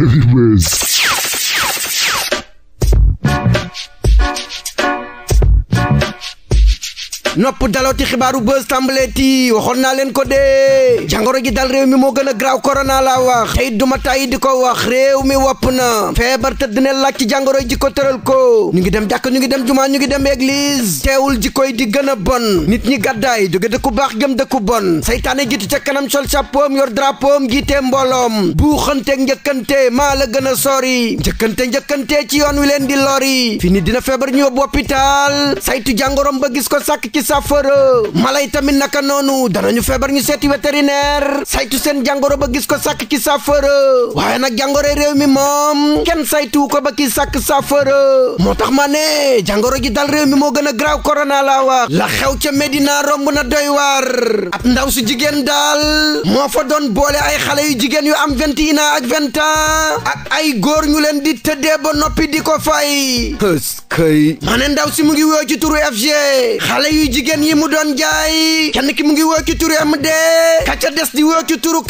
Heavy Mess. nopp dalooti xibaaru buzz tàmbaleeti waxoon naa leen ko dee jàngoro ji dal réew mi moo gën a graaw korona laa wax du duma tàyyi di ko wax réew mi wopp na feebar tëdd ne laaj ci jàngoro ji ko tëral ko ñu ngi dem jàkk ñu ngi dem jumaa ñu ngi dem église teewul ji koy di gën a bon nit ñi gàddaay jóge dëkku baax jëm dëkku bon saytaane jiitu ca kanam sol chapeau am yor drapeau am jiitee mbooloom buuxante njëkkante maa la gën a sori njëkkante njëkkante ci yoon wi leen di lori dina feebar ñu yóbbu hôpital saytu jàngoroom ba ci saafara mala yi tamit naka noonu danañu feebar ñu seeti vétérinaire saytu seen jàngoro ba gis ko sàkk ki saafara waaye na jàngoro réew mi moom kenn saytu ko ba ki sàkk saafara moo tax ma ne jàngoro ji dal réew mi moo gën a graaw corona la wax la xew ca Medina romb na doy waar ndaw si jigéen daal moo fa doon boole ay xale yu jigéen yu am vingt et ak vingt ans ak ay góor ñu leen di tëddee ba noppi di ko fay. kës kay ma ndaw si mu ngi wéyoo ci turu FG xale jigéen yi mu doon jaay kenn ki mu ngi woo ci turu MD ka des di woo ci turu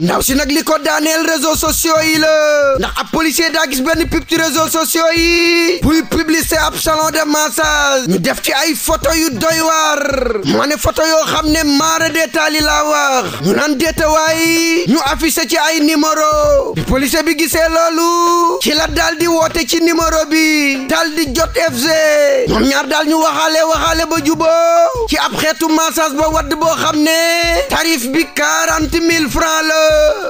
ndaw si nag li ko daaneel réseaux sociaux yi la ndax ab policier daa gis benn pub ci réseaux sociaux yi buy publier ab salon de massage ñu def ci ay photo yu doy waar maa ne photo yoo xam ne maara détaali laa wax ñu naan déetawaay ñu affiché ci ay numéro bi policier bi gisee loolu ci la daal di woote ci numéro bi daal di jot FG ñoom ñaar daal ñu waxaale waxaale ba juboo ci ab xeetu massage ba wadd boo xam ne tarif bi quarante la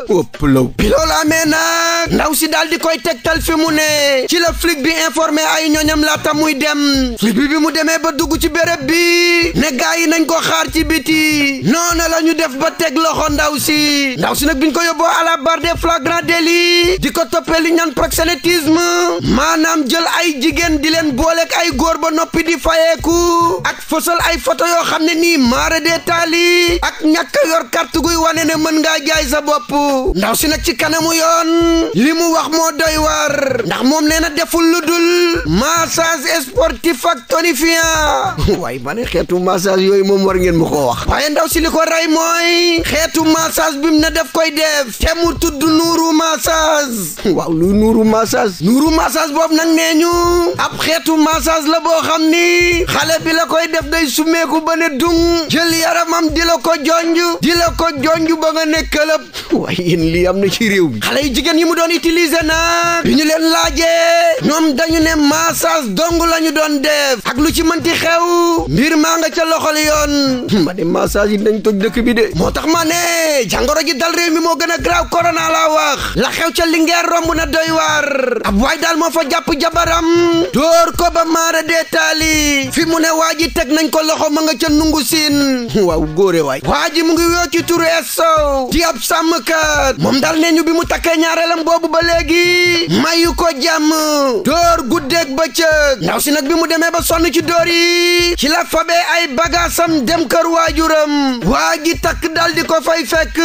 ëpp law bi loolu amee nag ndaw si daal di koy tegtal fi mu ne ci la flic bi informé ay ñoñam laata muy dem flic bi mu demee ba dugg ci béréb bi ne gaa yi nañ ko xaar ci biti noona la ñu def ba teg loxo ndaw si ndaw si nag biñ ko yóbboo à la barre des di ko toppee li ñaan proxénétisme maanaam jël ay jigéen di leen booleeg ay góor ba noppi di fayeeku fësal ay photo yoo xam ne nii maara dee taali ak ñàkk a yor carte guy wane ne mën ngaa jaay sa bopp ndaw si nag ci kanamu yoon li mu wax moo doy war ndax moom nee na deful lu dul massage sportif ak fi waaye ma ne xeetu massage yooyu moom war ngeen mu ko wax waaye ndaw si li ko ray mooy xeetu massage bi na def koy def te mu tudd nuuru massage massage waaw luy nuuru massage nuuru massage boobu nag nee ñu ab xeetu massage la boo xam ni xale bi la koy def day summeeku ba ne dung jël yaramam di ko jonj di ko jonj ba nga ne këlëb waaye yéen lii am na ci réew mi xale yu jigéen yi mu doon utiliser na bi ñu leen laajee ñoom dañu ne massage dong la ñu doon def ak lu ci mënti xew mbir maa nga ca loxol yoon hmm, ma ne massage yi dañ toj dëkk bi de moo tax ma ne jàngoro ji dal réew mi moo gën a graaw corona laa Linguère romb na doy waar ab waay daal moo fa jàpp jabaram dóor ko ba maara deetaali fi mu ne waa ji teg nañ ko loxo ma nga ca nungu siin waaw góore waay waa ji mu ngi wéy ci turu di ab sàmmkat moom daal nee ñu bi mu takkee ñaareelam boobu ba léegi mayu ko jàmm dóor guddeeg bëccëg ndaw si nag bi mu demee ba sonn ci dóor yi ci la fabee ay bagaasam dem kër waajuram waa takk daal di ko fay fekk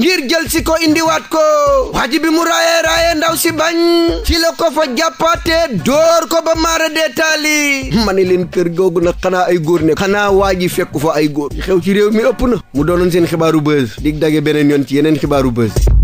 ngir jël si ko indiwaat ko waa bi mu raayee raaye ndaw si bañ ci la ko fa jàppaatee door ko ba maara dee taali ma leen kër googu nag xanaa ay góor ne xanaa waa ji fekku fa ay góor xew ci réew mi ëpp na mu doonoon seen xibaaru buzz dig dage beneen yoon ci yeneen xibaaru buzz